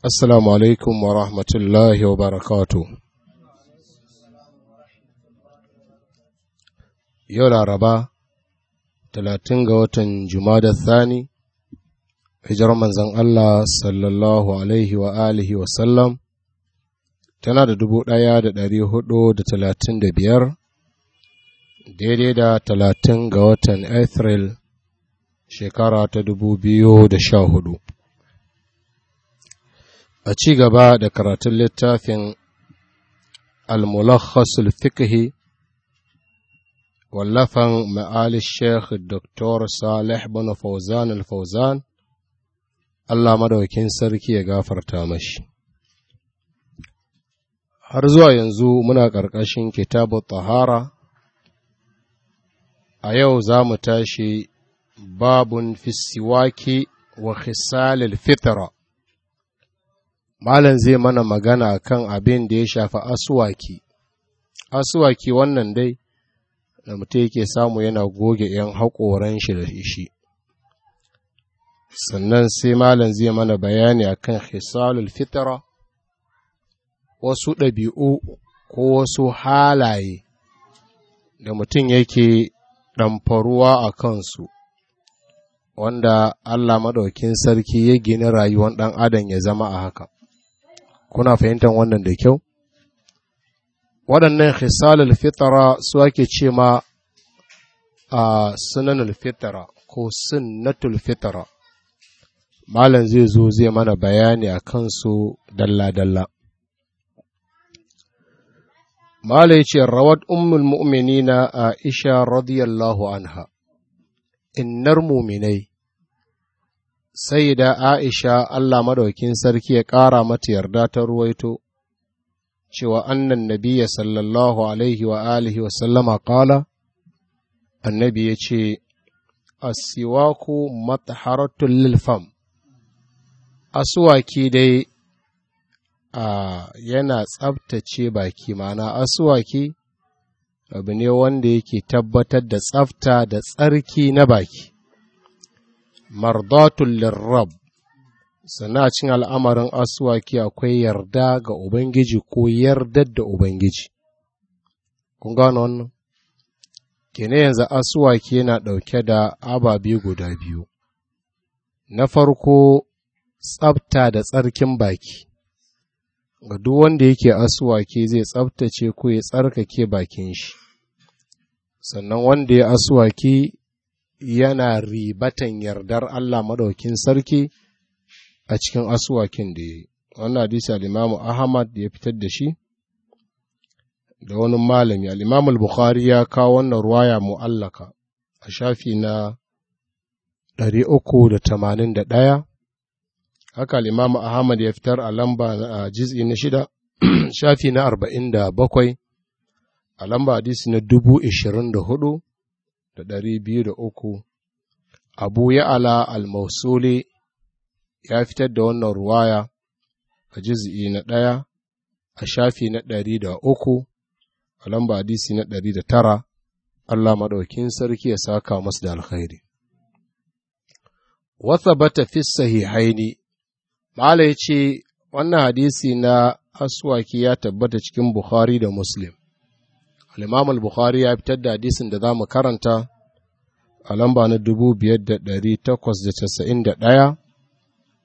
Assalamu alaikum wa rahmatullahi wa barakatu. Yau Laraba, talatin ga watan Jumada Thani, hijar manzan Allah sallallahu Alaihi wa alihi wa sallam, tana da dubu ɗaya da ɗari hudu da talatin da biyar, daidai da talatin ga watan Afril shekara ta dubu biyu da sha hudu. a ci gaba da karatun littafin almulakhasul mulakhasul fiqhi wallafan ma'ali sheikh dr salih bin fauzan al-fauzan Allah madaukin sarki ya gafarta mashi har zuwa yanzu muna ƙarƙashin kitabu tahara a yau za mu tashi babun fisiwaki wa khisalil fitra malam zai mana magana kan abin da ya shafi asuwaki asuwaki wannan dai da mutum yake samu yana goge 'yan haƙoran shi da shi sannan sai malam zai mana bayani a kan hisalul fitara wasu ɗabi'u ko wasu halaye da mutum yake ɗamfaruwa a kansu wanda Allah maɗaukin sarki ya gina rayuwar ɗan adam ya zama a haka kuna fahimtar wannan da kyau waɗannan khisalul fitara su ake ce ma a sunanul fitara ko sunnatul fitara malam zai zo zai mana bayani a kansu dalla-dalla malam ya ce rawat ummul mu'minina aisha radiyallahu anha innar muminai sai da Aisha Allah madaukin sarki ya ƙara mata yarda ta ruwaito, cewa annan nabiya sallallahu alaihi wa alihi wa sallama kala annabi ya ce, Asiwaku mataharatun lilfam, asuwaki dai a yana tsabtace baki mana asuwaki abu ne wanda yake tabbatar da tsafta da tsarki na baki. mardatun lirrab sannan a cin al'amarin asuwaki akwai yarda ga ubangiji ko yardar da ubangiji kun gano wannan kene yanzu asuwaki yana ɗauke da ababe guda biyu na farko tsabta da tsarkin baki ga duk wanda yake asuwaki zai tsabtace ko ya tsarkake bakin shi sannan wanda ya aswaki yana ribatan yardar Allah maɗaukin sarki a cikin asuwakin da ya yi. Wannan hadisi al'imamu Ahmad ya fitar da shi da wani malami, al'imamu Bukhari ya kawo wannan ruwaya mu'allaka a shafi na 381, haka al'imamu Ahmad ya fitar a lamba a jiz'i na shida, shafi na 47, a lamba hadisi na 2024. da ɗari biyu da uku abu ya'ala al-mausuli ya fitar da wannan ruwaya a juz'i na ɗaya a shafi na ɗari da uku a lamba hadisi na ɗari da tara Allah maɗaukin sarki ya saka masu da alkhairi. Wata bata fi sahihaini, Mala ya ce wannan hadisi na aswaki ya tabbata cikin Bukhari da Muslim, alimam al-bukhari ya fitar da hadisin da zamu karanta a lamba na 5891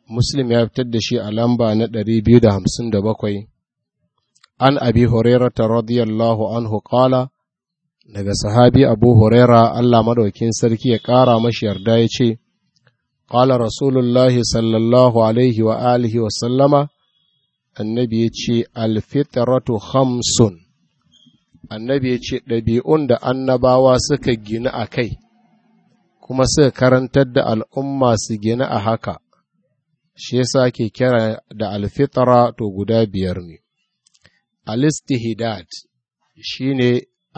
muslim ya fitar da shi a lamba na 257 an abi hurairata radiyallahu anhu qala daga sahabi abu huraira allah madaukin sarki ya ƙara mashi yarda ya ce ƙala rasulullahi sallallahu alaihi wa alihi wa sallama annabi ya ce alfitaratu hamsun annabi ya ce ɗabi'un da annabawa suka gina a kai kuma suka karantar da al'umma su gina a haka shi yasa ke kira da alfitara to guda biyar ne alistihidat shi ne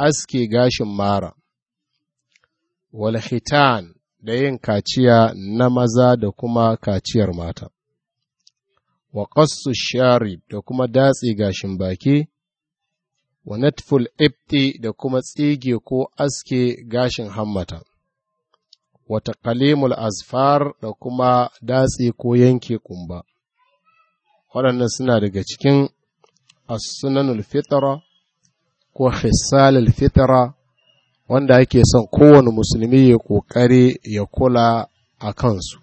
aske gashin mara walhitan da yin kaciya na maza da kuma kaciyar mata wa shari da kuma datse gashin baki wa natful ibti da kuma tsige ko aske gashin hammata, wata kalimul azfar da kuma datse ko yanke kumba. Waɗannan suna daga cikin as-sunanul ko hisalul fitra wanda ake son kowane musulmi ya ƙoƙari ya kula a kansu.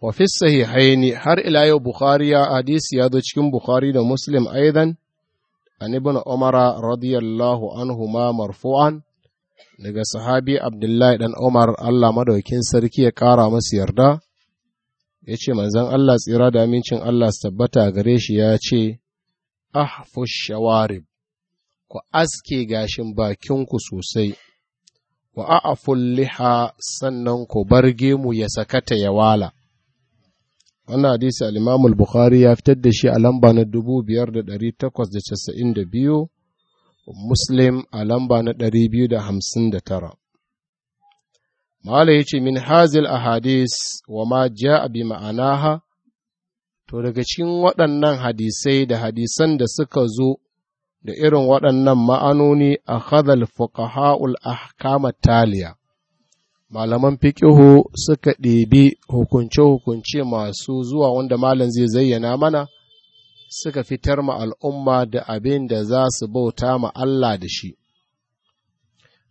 Wa fi sahihaini har ila yau Bukhari ya hadisi ya zo cikin Bukhari da Muslim aidan an ibn umara radiyallahu anhuma marfu'an daga sahabi abdullahi dan umar allah madaukin sarki ya kara masa yarda ya ce allah tsira da amincin allah su tabbata gare shi ya ce ahfush shawarib ku aske gashin bakin ku sosai wa a'aful liha sannan ku bar gemu ya sakata ya wala wannan hadisi alimamul imamul bukhari ya fitar da shi a lamba na 5892 muslim a lamba na 259 mala ya ce min hazil hadis wa ma ja'a bi ma'anaha to daga cikin waɗannan hadisai da hadisan da suka zo da irin waɗannan ma'anoni a khadhal fuqaha'ul ahkama taliya malaman fiƙihu suka ɗebi hukunce-hukunce masu zuwa wanda malam zai zayyana mana suka fitar ma al'umma da abin da za su bauta ma Allah da shi.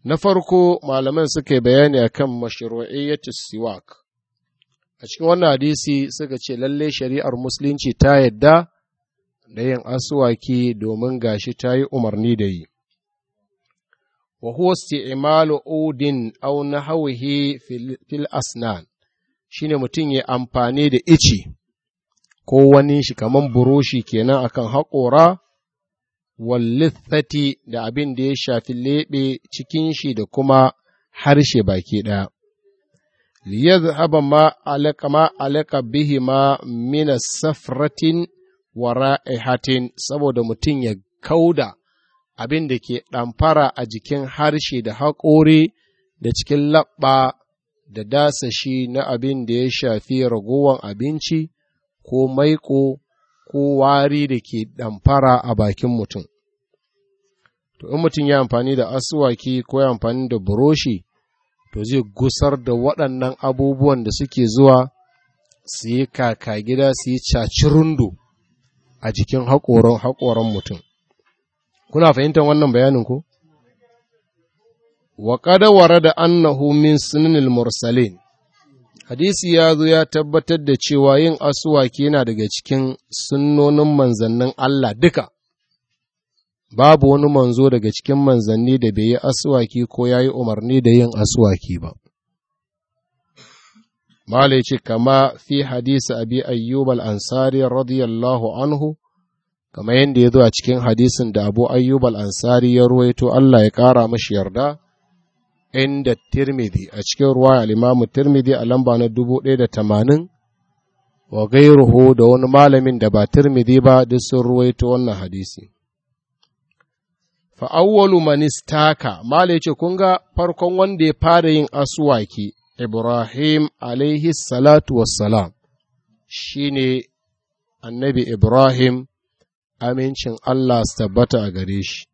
Na farko malaman suka yi bayani a kan mashiru'iyyatis siwak. A cikin wannan hadisi suka ce lalle shari'ar musulunci ta yadda da yin asuwaki domin gashi ta yi umarni da yi. wa huwa isti'malu udin aw nahwihi fil asnan shine mutum ya amfani da ici ko wani shi kamar buroshi kenan akan haƙora wallithati da abin da ya shafi leɓe cikin shi da kuma harshe baki ɗaya. liyazhaba ma alaka ma alaka bihi ma mina safratin wa hatin saboda mutum ya kauda abin da ke ɗamfara a jikin harshe da haƙori da cikin laɓɓa da dasashi na abin da ya shafi ragowar abinci ko maiƙo ko wari da ke ɗamfara a bakin mutum. To, in mutum ya amfani da asuwaki ko ya amfani da buroshi, to zai gusar da waɗannan abubuwan da suke zuwa su yi kaka gida su yi cacirundu a jikin haƙoron-haƙoron mutum. kuna fahimtar wannan bayanin ko wa qad warada annahu min sunanil mursalin hadisi ya zo ya tabbatar da cewa yin asuwaki yana daga cikin sunnonin manzannin Allah duka babu wani manzo daga cikin manzanni da bai yi asuwaki ko ya yi umarni da yin asuwaki ba Malai ce kama fi hadisi abi ayyub al-ansari radiyallahu anhu kama yadda ya zo a cikin hadisin da abu ayyub al’ansari ansari ya ruwaito Allah ya ƙara mashi yarda inda tirmidhi a cikin ruwa al-imam tirmidhi a lamba na dubu ɗaya da tamanin wa gairuhu da wani malamin da ba tirmidhi ba duk sun ruwaito wannan hadisi fa’awwalu manistaka malai ce kun ga farkon wanda ya fara yin asuwaki. ibrahim alaihi salatu wassalam shine annabi ibrahim amincin Allah su tabbata a gare shi.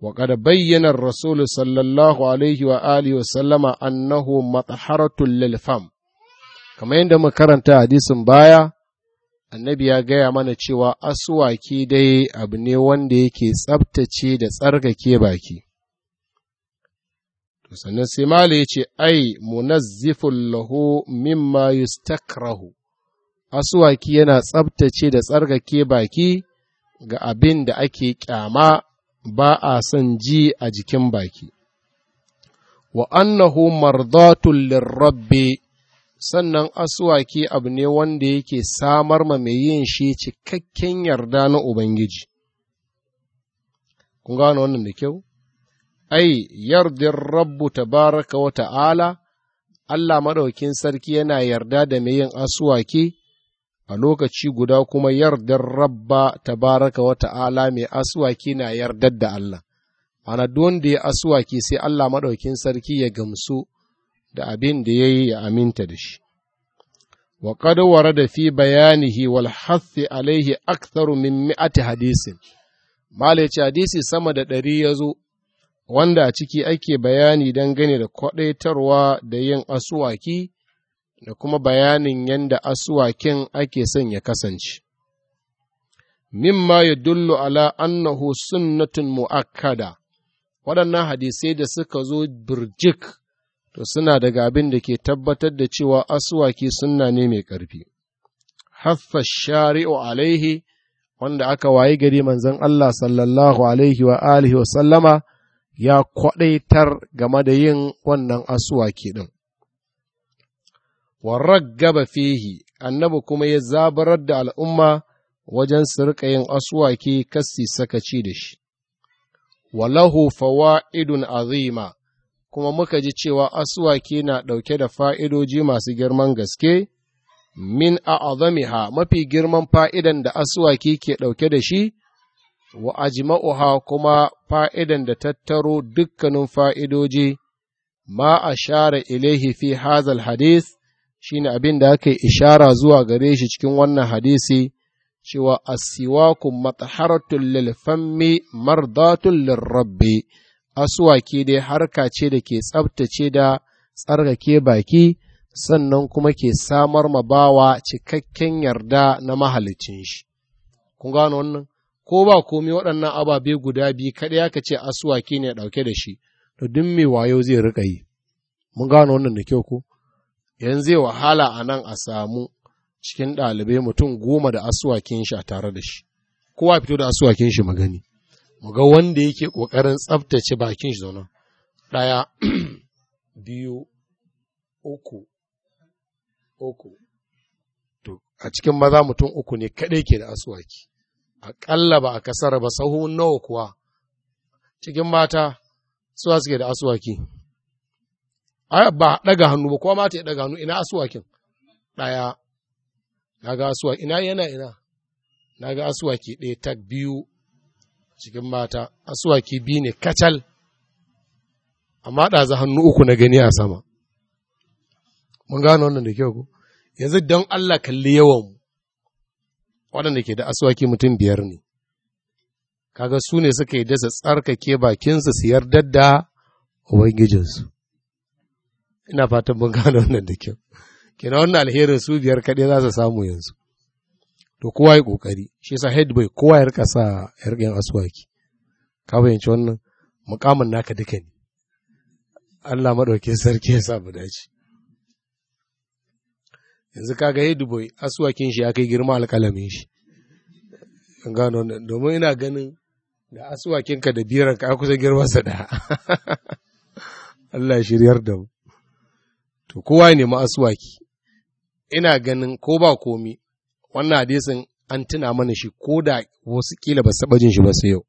Wa kada bayyana Rasulu sallallahu Alaihi wa alihi wa sallama annahu mataharatul lil lalfam. Kamar yadda mu karanta hadisin baya, annabi ya gaya mana cewa asuwaki dai abu ne wanda yake tsabtace da tsarkake baki. Sannan sai Malu ya ce, Ai, munazzifun lahu mimma yustakrahu asuwaki yana tsabtace da tsargake baki ga abin da ake kyama ba a son ji a jikin baki wa annahu mardatun lirrabbi sannan asuwaki abu ne wanda yake samar ma mai yin shi cikakken yarda na ubangiji kun gano wannan da kyau ai yardin rabbu tabaraka wa ta'ala Allah maɗaukin sarki yana yarda da mai yin asuwaki a lokaci guda kuma yardar rabba tabaraka wa ta'ala mai aswaki na yardar da Allah ana wanda ya aswaki sai Allah maɗaukin sarki ya gamsu da abin da ya yi ya aminta da shi wa ƙadawar da fi bayanihi wal hathi alaihi aktharu min mi'ati hadisin malaci hadisi sama da ɗari ya zo wanda a ciki ake bayani dangane da kwaɗaitarwa da yin asuwaki da kuma bayanin yadda asuwakin ake son ya kasance. Mimma ya dullu ala annahu sunnatun mu'akkada, waɗannan hadisai da suka zo birjik to suna daga abin da ke tabbatar da cewa asuwaki suna ne mai ƙarfi. Haffa shari'u alaihi wanda aka wayi gari manzon Allah sallallahu alaihi wa alihi wa sallama ya kwaɗaitar game da yin wannan asuwaki ɗin. wa raggaba fihi annabi kuma ya zabarar da al'umma wajen su riƙa yin asuwaki kassi sakaci da shi walahu fawa'idun azima kuma muka ji cewa asuwaki na ɗauke da fa'idoji masu girman gaske min a'azamiha mafi girman fa'idan da asuwaki ke ɗauke da shi wa ajma'uha kuma fa'idan da tattaro dukkanin fa'idoji ma a share ilaihi fi hazal hadith shine abin da aka yi ishara zuwa gare shi cikin wannan hadisi cewa asiwaku mataharatun lilfammi mardatun lirrabbi aswaki dai harka ce da ke tsabtace da tsarkake baki sannan kuma ke samar ma bawa cikakken yarda na mahalicin shi kun gano wannan ko ba komi waɗannan ababe guda biyu kaɗai aka ce aswaki ne ɗauke da shi to duk mai wayo zai riƙa yi mun gano wannan da kyau ko yanzu zai wahala a nan a samu cikin ɗalibai mutum goma da asuwakin shi a tare da shi kowa fito da asuwakin shi magani mu ga wanda yake ƙoƙarin tsaftace bakin shi zauna ɗaya biyu uku uku to a cikin maza mutum uku ne kaɗai ke da asuwaki aƙalla ba a kasar ba sahu nawa kuwa cikin mata suwa suke da asuwaki ba daga hannu ba, kowa ma ta daga hannu ina asuwakin ɗaya, na ga asuwaki, ina yana ina, na ga asuwaki ɗaya ta biyu cikin mata, asuwaki biyu ne kacal, amma za hannu uku na gani a sama. Mun gano wannan da kyau ku, yanzu don Allah kalli yawan waɗanda ke da asuwaki mutum biyar ne, kaga su ne suka yi dasa tsarkake bakinsu su yardar da Ubangijinsu. ina fatan mun gane wannan da kyau kina wannan alherin su biyar kaɗai za su samu yanzu to kowa ya kokari shi yasa head boy kowa ya rika sa yarkin aswaki ka fahimci wannan mukamin naka duka ne Allah madauke sarki ya sa mu dace yanzu kaga head boy aswakin shi ya kai girma alƙalamin shi an gano domin ina ganin da asuwakinka da biranka ka kusa girmansa da Allah shiryar da mu to kowa ya nemi ina ganin ko ba komi wannan hadisin an tuna mana shi ko da wasu kila ba saba jin shi ba sai yau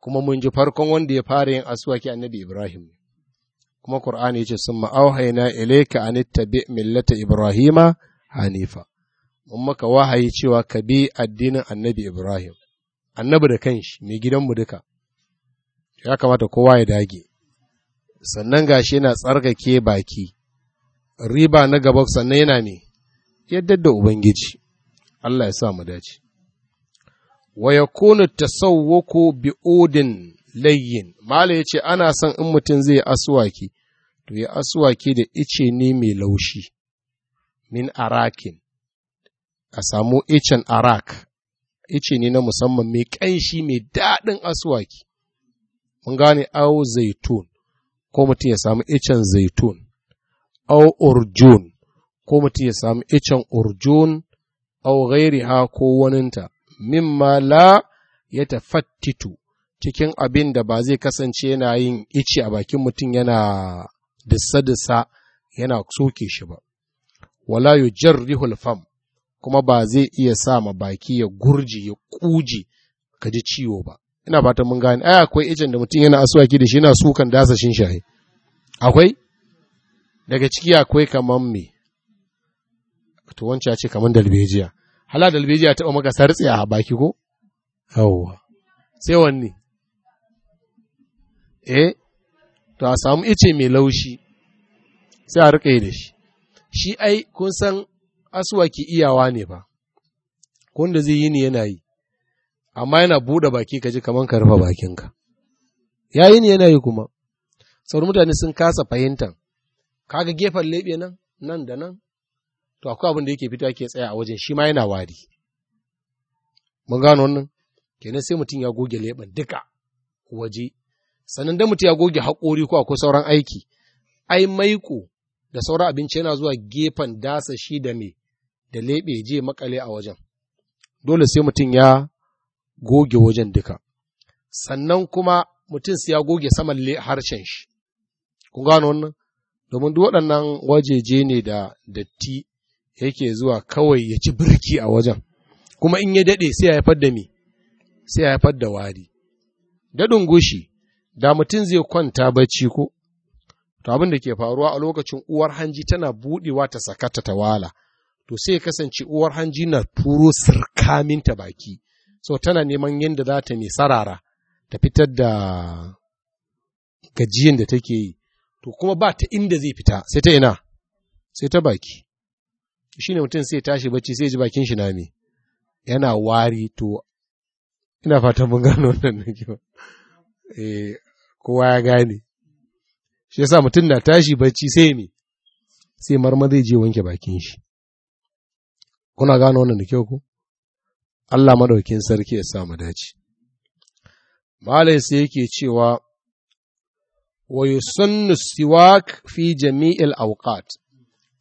kuma mun ji farkon wanda ya fara yin asuwaki annabi Ibrahim kuma Qur'ani yace summa auhayna ilayka an tabi millata Ibrahima hanifa mun maka wahayi cewa ka bi addinin annabi Ibrahim annabi da kanshi mai gidanmu duka ya kamata kowa ya dage sannan gashi yana tsarkake baki riba na gaba sannan yana ne yadda da ubangiji Allah ya sa mu dace wa yakunu tasawwuku bi udin layyin mala yace ana son in mutum zai aswaki to ya aswaki da ice ne mai laushi min arakin a samu icen arak ice ne na musamman mai kanshi mai daɗin aswaki mun gane au zaitun ko mutum ya samu icen zaitun au urjun ko mutum ya samu icen urjun au ha ko waninta mimma la ya tafattitu cikin abin da ba zai kasance yana yin ice a bakin mutum yana dissa-dissa yana soke shi ba wala yujarrihul fam kuma ba zai iya sa ma baki ya gurji ya kuji kaji ciwo ba ina fatan mun gane ai akwai ijin da mutum yana asuwaki da shi yana sukan dasashin shaye akwai daga ciki akwai kamar me to wancan ya ce kamar dalbejiya hala dalbejiya taɓa maka sartsi a baki ko yawwa sai wanne eh to a samu ice mai laushi sai a riƙe da shi shi ai kun san ki iyawa ne ba kun da zai yi ne yana yi amma yana buɗe baki ka ji kamar ka rufe bakinka ya yi ne yana yi kuma sauran mutane sun kasa fahimtar kaga gefen leɓe nan nan da nan to akwai abin da yake fita ke tsaya a wajen shi ma yana wari mun gano wannan kenan sai mutum ya goge leɓen duka waje sannan da mutum ya goge haƙori ko akwai sauran aiki ai maiko da sauran abinci yana zuwa gefen dasa shi da me da leɓe je makale a wajen dole sai mutum ya goge wajen duka sannan kuma mutum sai ya goge saman harshen shi kun gano wannan domin duk waɗannan wajeje ne da datti yake zuwa kawai ya ci birki a wajen kuma in ya daɗe sai ya haifar da me sai ya haifar da wari daɗin gushi da mutum zai kwanta bacci ko to abin da ke faruwa a lokacin uwar hanji tana buɗewa ta sakata ta wala to sai ya kasance uwar hanji na turo ta baki so tana neman yadda za ta mai sarara ta fitar da gajiyan da take yi to kuma ba ta inda zai fita sai ta ina sai ta baki shi ne mutum sai tashi bacci sai ji bakin shi na me yana wari to ina fatan mun gano wannan na kyau eh kowa ya gane shi yasa mutum na tashi bacci sai me sai marma zai je wanke bakin shi kuna gano wannan da kyau ko Allah madaukin sarki ya sa mu dace malai sai yake cewa wa yusannu siwak fi jami'il aukat?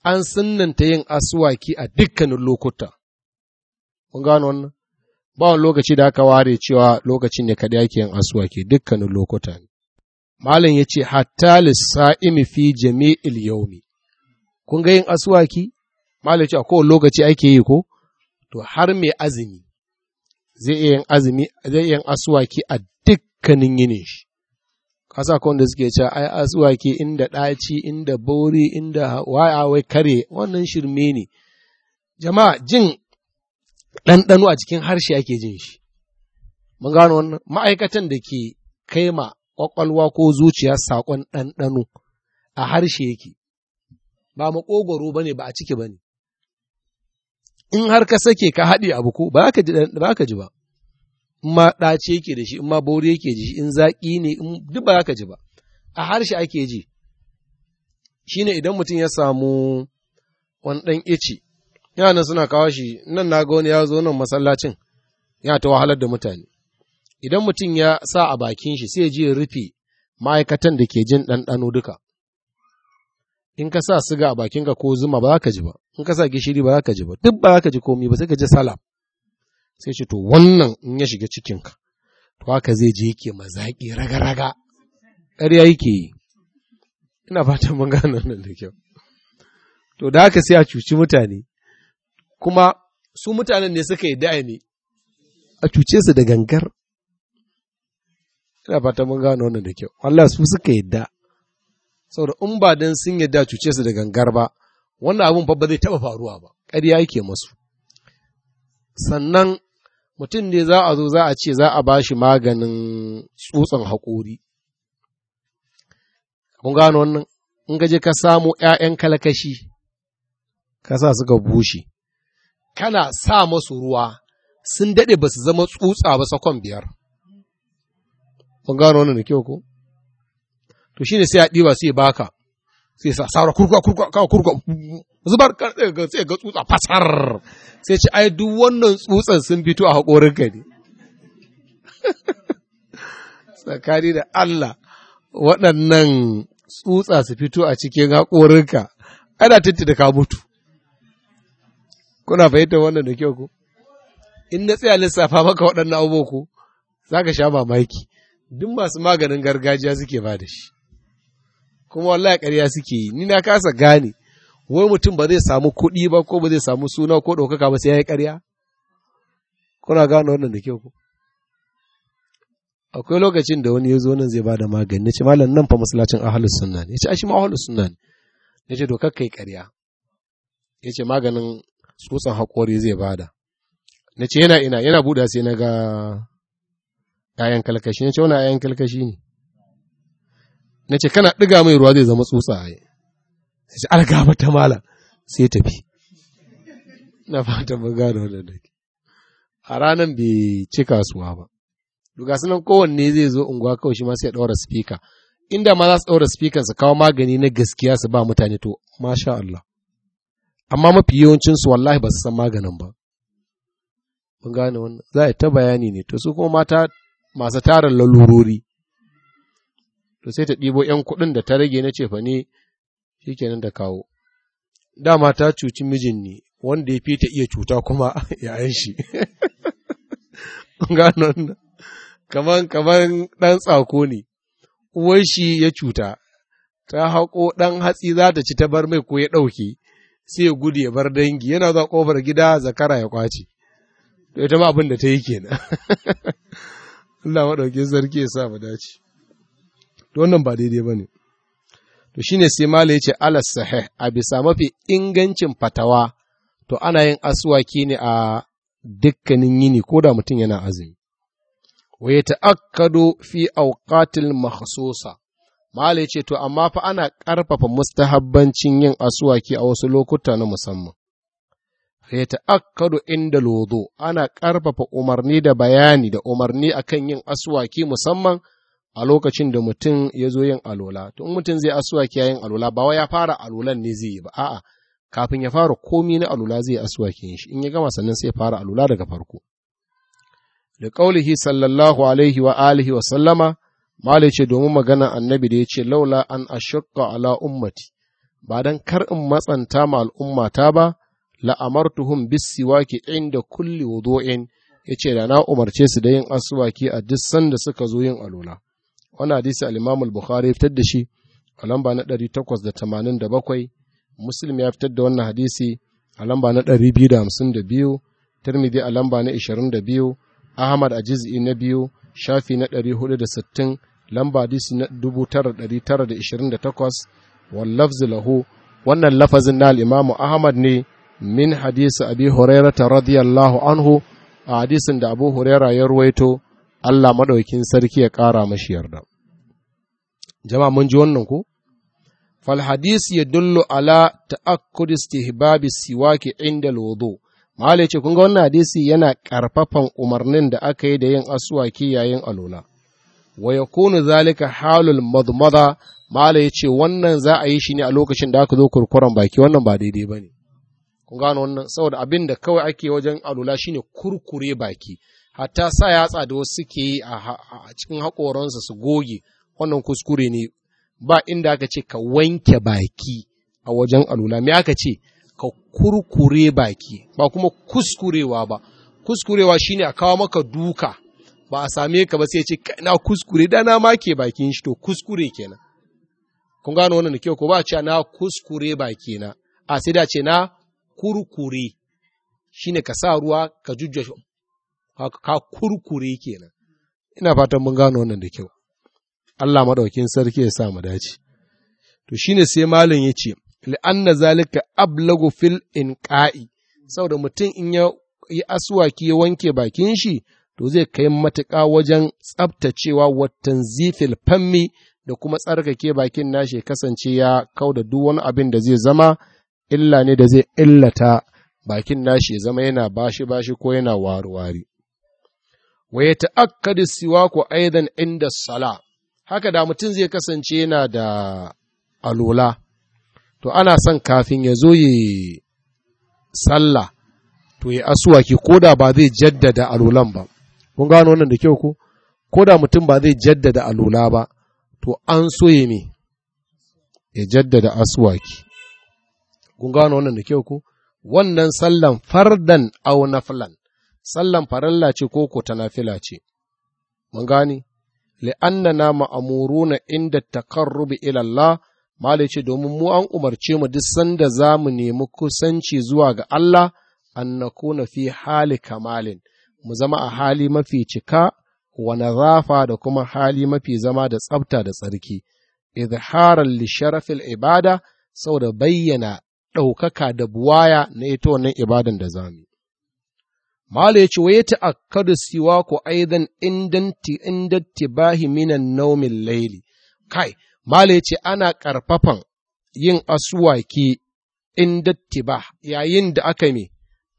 an sunnanta yin aswaki a dukkanin lokuta mun gano wannan ba lokaci da aka ware cewa lokacin ne kadai ake yin aswaki dukkanin lokuta ne malam yace hatta lis-sa'imi fi jami'il yawmi kun ga yin aswaki malam yace a kowane lokaci ake yi ko to har mai azumi zai iya yin azumi aswaki a dukkanin yinin shi kasa ko suke cewa ai ke inda ɗaci inda bori inda waya wai kare wannan shirme ne jama'a jin ɗanɗano a cikin harshe ake jin shi mun gano wannan ma'aikatan da ke kai ma ƙwaƙwalwa ko zuciya saƙon ɗanɗano a harshe yake ba maƙogwaro ba ne ba a ciki ba ne in har ka sake ka haɗe abu ko ba ka ji ba in ma ɗaci yake da shi in ma bauri yake ji in zaƙi ne in duk ba za ka ji ba a harshe ake ji Shi ne idan mutum ya samu wani ɗan ici yana suna kawo shi nan na ga wani ya zo nan masallacin yana ta wahalar da mutane idan mutum ya sa a bakin shi sai ji rufe ma'aikatan da ke jin ɗanɗano duka in ka sa siga a bakinka ko zuma ba za ka ji ba in ka sa gishiri ba za ka ji ba duk ba za ka ji komi ba sai ka ji salam sai ce to wannan in ya shiga cikinka to haka zai je yake mazaƙi raga-raga ƙarya yake yi ina fatan mun gane nan da kyau to da haka sai a cuci mutane kuma su mutanen ne suka yi da'a ne a cuce su da gangar ina fatan mun gane wannan da kyau Allah su suka yi da saboda in ba dan sun yadda cuce su da gangar ba wannan abun fa ba zai taba faruwa ba ƙarya yake masu. sannan mutum ne za a zo za a ce za a ba shi maganin tsutsan haƙori. Kun gano wannan, in gaje ka samu ‘ya'yan kalakashi ka sa suka bushe, kana sa masu ruwa sun daɗe ba su zama tsutsa ba sakon biyar. Kun gano wannan da kyau ko? To shi ne sai a ɗiba sai baka, sai sa saura kurkuwa kurkuwa kawo kurkuwa zubar ga sai ga tsutsa fasar sai ce ai duk wannan tsutsan sun fito a haƙorin ka ne tsakani da Allah waɗannan tsutsa su fito a cikin haƙorin ka ana tintina ka mutu kuna fahimtar wannan da kyau ko in na tsaya lissafa maka waɗannan abubuwa ko za ka sha mamaki duk masu maganin gargajiya suke ba da shi kuma wallahi ƙarya suke yi ni na kasa gane wai mutum ba zai samu kuɗi ba ko ba zai samu suna ko ɗaukaka ba sai ya yi ƙarya kuna gane wannan da kyau ko akwai lokacin da wani ya zo nan zai bada magani na ce malam nan fa masallacin ahlus sunna ne ya ce a shi ma ahlus sunna ne ya ce dokar kai ƙarya ya ce maganin tsutsan haƙori zai bada na ce yana ina yana buɗa sai na ga ‘ya'yan kalkashi na ce wani ‘ya'yan kalkashi ne na ce kana ɗiga mai ruwa zai zama tsutsa a yi sai an ta mala sai tafi na fata mun gano da dake a ranar bai ci kasuwa ba duga sunan kowanne zai zo unguwa kawai shi ma sai ya ɗaura spika inda ma za su ɗaura spikan su kawo magani na gaskiya su ba mutane to masha Allah amma mafi yawancinsu wallahi ba su san maganin ba mun gane wannan za a ta bayani ne to su kuma mata masu tarin lalurori to sai ta ɗibo ‘yan kuɗin da ta rage na ne shi kenan da kawo. Dama ta cuci mijin ne wanda ya fi ta iya cuta kuma yayan shi. Ganon kaman kaman ɗan tsako ne, uwar shi ya cuta, ta haƙo ɗan hatsi za ta ci ta bar mai ko ya ɗauke, sai ya gudu ya bar dangi, yana zuwa ƙofar gida zakara ya ƙwace. ita ma abin da ta yi kenan. Allah maɗauki sarki ya sa mu dace. to wannan ba daidai ba ne. To shi ne sai Mala ya ce alas sahih a bisa mafi ingancin fatawa to ana yin aswaki ne a dukkanin yini ko da mutum yana azumi. Wa ya ta'akkado fi auqatil makhsusa Mala ya ce to amma fa ana ƙarfafa mustahabbancin yin aswaki a wasu lokuta na musamman. ya ta'akkadu inda lodo ana ƙarfafa umarni da bayani da umarni akan yin aswaki musamman a lokacin da mutum ya zo yin alola to in mutum zai asuwaki yin alola ba wai ya fara alolan ne zai yi ba a'a kafin ya fara komi na alola zai yin shi in ya gama sannan sai fara alola daga farko da ƙaulihi sallallahu alaihi wa alihi wa sallama malai ce domin magana annabi da ya ce laula an ashaqqa ala ummati ba dan kar in matsanta ma al'ummata ba la'amartuhum bisiwaki inda kulli wudu'in ce da na umarce su da yin aswaki a duk sanda suka zo yin alola wani hadisi al-imam al-bukhari ya fitar da shi a lamba na 887 muslim ya fitar da wannan hadisi a lamba na 252 tirmidhi a lamba na 22 ahmad a juz'i na biyu shafi na 460 lamba hadisi na 9928 wal lafzu lahu wannan lafazin na al-imam ahmad ne min hadisi abi hurairah radiyallahu anhu a hadisin da abu hurairah ya ruwaito Allah maɗaukin sarki ya ƙara mashi yarda. Jama mun ji wannan ko? Falhadis ya dullo ala ta'akkud istihbabi siwaki inda wudu. Mahala ce kun ga wannan hadisi yana ƙarfafan umarnin da aka yi da yin asuwaki yayin alola. Wa yakunu zalika halul madmada Mahala ya ce wannan za a yi shi ne a lokacin da aka zo kurkuren baki wannan ba daidai ba ne. Kun gano wannan saboda abin kawai ake wajen alula shine kurkure baki. hatta sa yatsa da wasu suke yi a cikin haƙoransa su goge wannan kuskure ne ba inda aka ce ka wanke baki a wajen alula me aka ce ka kurkure baki ba kuma kuskurewa ba kuskurewa shine a kawo maka duka ba a same ka ba sai ce na kuskure da na make bakin shi to kuskure kenan kun gano wannan da kyau ko ba a ce na kuskure baki na, a sai da ce na kurkure shine ka sa ruwa ka jujjuya ka kurkure kenan ina fatan mun gano wannan da kyau Allah maɗaukin sarki ya sa mu dace to shine sai malam ya ce li'anna zalika ablagu fil inqa'i saboda mutum in ya yi aswaki ya wanke bakin shi to zai kai matuƙa wajen tsabtacewa watan zifil fammi da kuma tsarkake bakin nashi ya kasance ya kau da duk wani abin da zai zama illa ne da zai illata bakin nashi ya zama yana bashi bashi ko yana wari wa ya ta'akkadu siwaku aidan inda sala, haka da mutum zai kasance yana da alola, to ana son kafin ya zo yi sallah, to ya asuwaki ko da ba zai jaddada alolan ba, kun gano wannan da kyau ko? Ko da mutum ba zai jaddada alola ba, to an so yi me, ya jaddada asuwaki. Kun gano wannan da kyau ko? Wannan sallan fardan au naflan. sallan farilla ce ko ko ta nafila ce mun gani li'annana ma'amuruna inda taqarrubi ila Allah mali ce domin mu an umarce mu duk sanda za mu nemi kusanci zuwa ga Allah an nakuna fi hali kamalin mu zama a hali mafi cika wa nazafa da kuma hali mafi zama da tsabta da tsarki izharan li sharafil ibada saboda bayyana ɗaukaka da buwaya na ita wannan ibadan da zamu Mala ya ce, wa ta kada siwa ku aidan indanti indatti bahi minan naumin laili. Kai, Mala ya ce, ana ƙarfafan yin asuwaki indatti ba, yayin da aka me,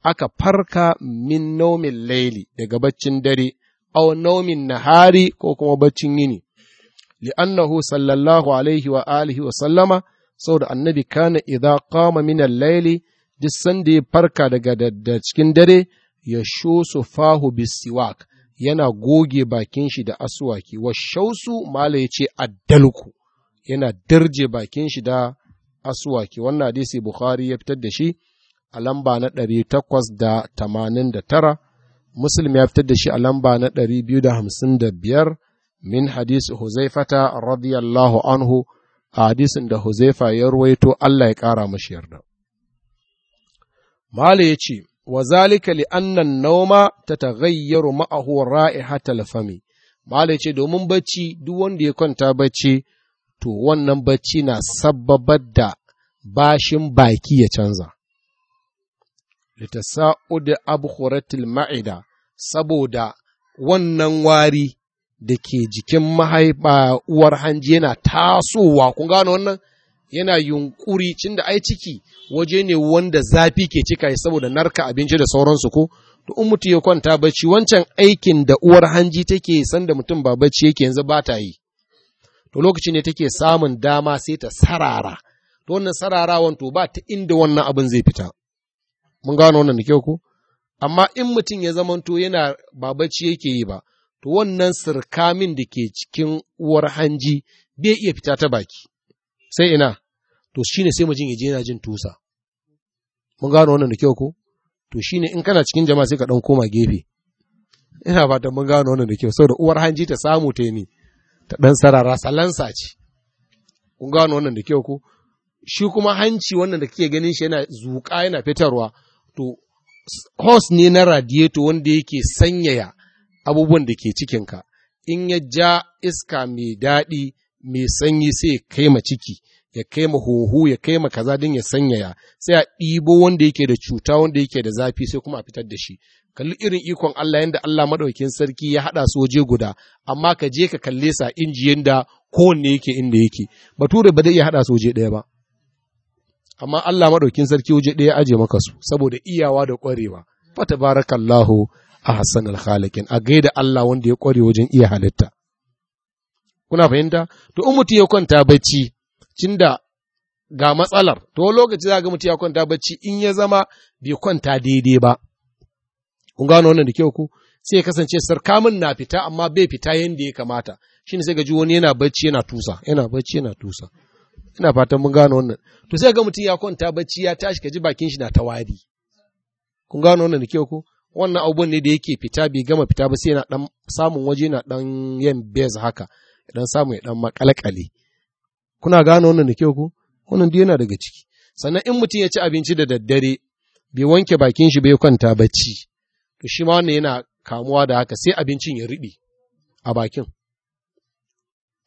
aka farka min naumin laili daga baccin dare, au naumin nahari ko kuma baccin yini. li'annahu sallallahu alaihi wa alihi wa sallama, saboda annabi kana idan kama minan laili duk sanda ya farka daga cikin dare ya shosu fahu bisiwak yana goge bakin shi da aswaki wa shausu mala ya ce addalku yana darje bakin shi da aswaki wannan hadisi bukhari ya fitar da shi a lamba na ɗari da tamanin da muslim ya fitar da shi a lamba na ɗari da hamsin da biyar min hadisi huzaifata radiyallahu anhu a hadisin da huzaifa ya ruwaito allah ya kara mashi yarda mala ya ce wa zalika li annan nauma ta taghayyaru ma'ahu ra'ihatal fami malai ce domin bacci duk wanda ya kwanta bacci to wannan bacci na sababar da bashin baki ya canza litasa'ud abkhuratil ma'ida saboda wannan wari da ke jikin mahaifa uwar hanji yana tasowa kun gano wannan yana yunkuri cin da ai ciki waje ne wanda zafi ke cika saboda narka abinci da sauransu ko to in mutum ya kwanta bacci wancan aikin da uwar hanji take san da mutum ba bacci yake yanzu ba ta yi to lokacin ne take samun dama sai ta sarara to wannan sararawan to ba ta inda wannan abin zai fita mun gano wannan da kyau ko amma in mutum ya zamanto yana ba bacci yake yi ba to wannan sirkamin da ke cikin uwar hanji bai iya fita ta baki sai ina to shine sai mujin yaje yana jin tusa mun gano wannan da kyau ko to shine in kana cikin jama'a sai ka dan koma gefe ina fatan mun gano wannan da kyau saboda uwar hanji ta samu ta ni ta dan sarara salansa ce kun gano wannan da kyau ko shi kuma hanci wannan da kike ganin shi yana zuƙa yana fitarwa to hos ne na radiator wanda yake sanyaya abubuwan da ke cikinka in ya ja iska mai daɗi mai sanyi sai ya kai ma ciki ya kai ma huhu ya kai ma kaza din ya sanyaya sai a ɗibo wanda yake da cuta wanda yake da zafi sai kuma a fitar da shi kalli irin ikon Allah yanda Allah madaukin sarki ya haɗa su waje guda amma ka je ka kalle sa inji yanda kowanne yake inda yake bature ba zai iya haɗa su waje ɗaya ba amma Allah maɗaukin sarki waje ɗaya aje maka su saboda iyawa da ƙwarewa fa tabarakallahu a hassanul khaliqin a gaida Allah wanda ya ƙware wajen iya halitta kuna fahimta to in mutum ya kwanta bacci cinda ga matsalar to wani lokaci za ga mutum ya kwanta bacci in ya zama bai kwanta daidai ba kun gano wannan da kyau ku sai ya kasance sarkamin na fita amma bai fita yadda ya kamata shine sai ga ji wani yana bacci yana tusa yana bacci yana tusa ina fatan mun gano wannan to sai ga mutum ya kwanta bacci ya tashi ka ji bakin shi na tawari. kun gano wannan da kyau ku wannan abubuwan ne da yake fita bai gama fita ba sai yana dan samun waje yana dan yan bez haka dan samu ya dan makalakale kuna gane wannan da kyau ku wannan duk yana daga ciki sannan in mutum ya ci abinci da daddare bai wanke bakin shi bai kwanta bacci to shi ma wannan yana kamuwa da haka sai abincin ya riɓe a bakin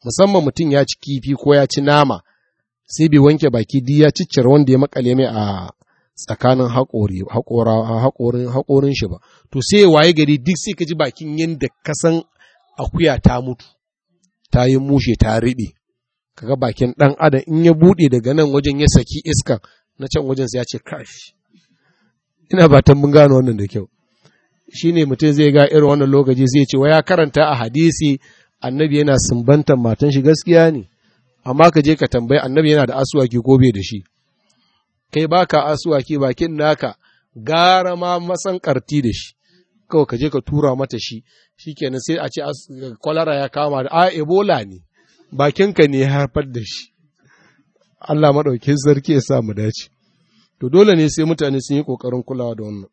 musamman mutum ya ci kifi ko ya ci nama sai bai wanke baki duk ya ciccire wanda ya makale mai a tsakanin haƙori haƙorin haƙorin shi ba to sai waye gari duk sai ka ji bakin yadda ka san akuya ta mutu ta yi mushe ta riɓe kaga bakin ɗan adam in ya buɗe daga nan wajen ya saki iska na can wajen sai ya ce kashi ina ba mun gano wannan da kyau shine mutum zai ga irin wannan lokaci zai ce wa ya karanta a hadisi annabi yana sumbantar matan shi gaskiya ne amma ka je ka tambayi annabi yana da asuwaki ko bai da shi kai baka asuwaki bakin naka gara ma matsan karti da shi kawai ka je ka tura mata shi shi kenan sai a ce kwalara ya kama da a ebola ne bakinka ne ya haifar da shi Allah maɗaukin sarki ya sa mu dace to dole ne sai mutane sun yi ƙoƙarin kulawa da wannan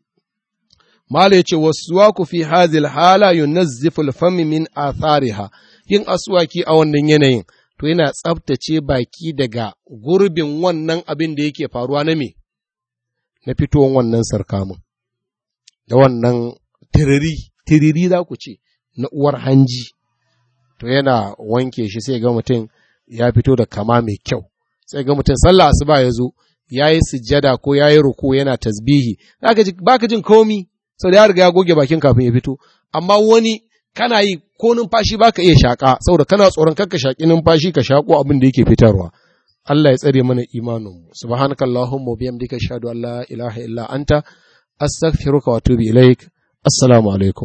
mala ya ce wasu fi hazil hala yunazziful fami min athariha yin aswaki a wannan yanayin to yana tsaftace baki daga gurbin wannan abin da yake faruwa na me na fitowar wannan sarkamun da wannan tiriri tiriri za ku ce na uwar hanji to yana wanke shi sai ga mutum ya fito da kama mai kyau sai ga mutum sallah asuba ya zo ya yi sujjada ko ya yi ruku yana tasbihi baka jin komi sau da ya riga ya goge bakin kafin ya fito amma wani kana yi ko numfashi baka iya shaƙa saboda kana tsoron kanka shaƙi numfashi ka shaƙo abin da yake fitarwa Allah ya tsare mana imanin mu subhanakallahumma wa bihamdika ashhadu an la ilaha illa anta astaghfiruka wa atubu ilaik Assalamu alaikum.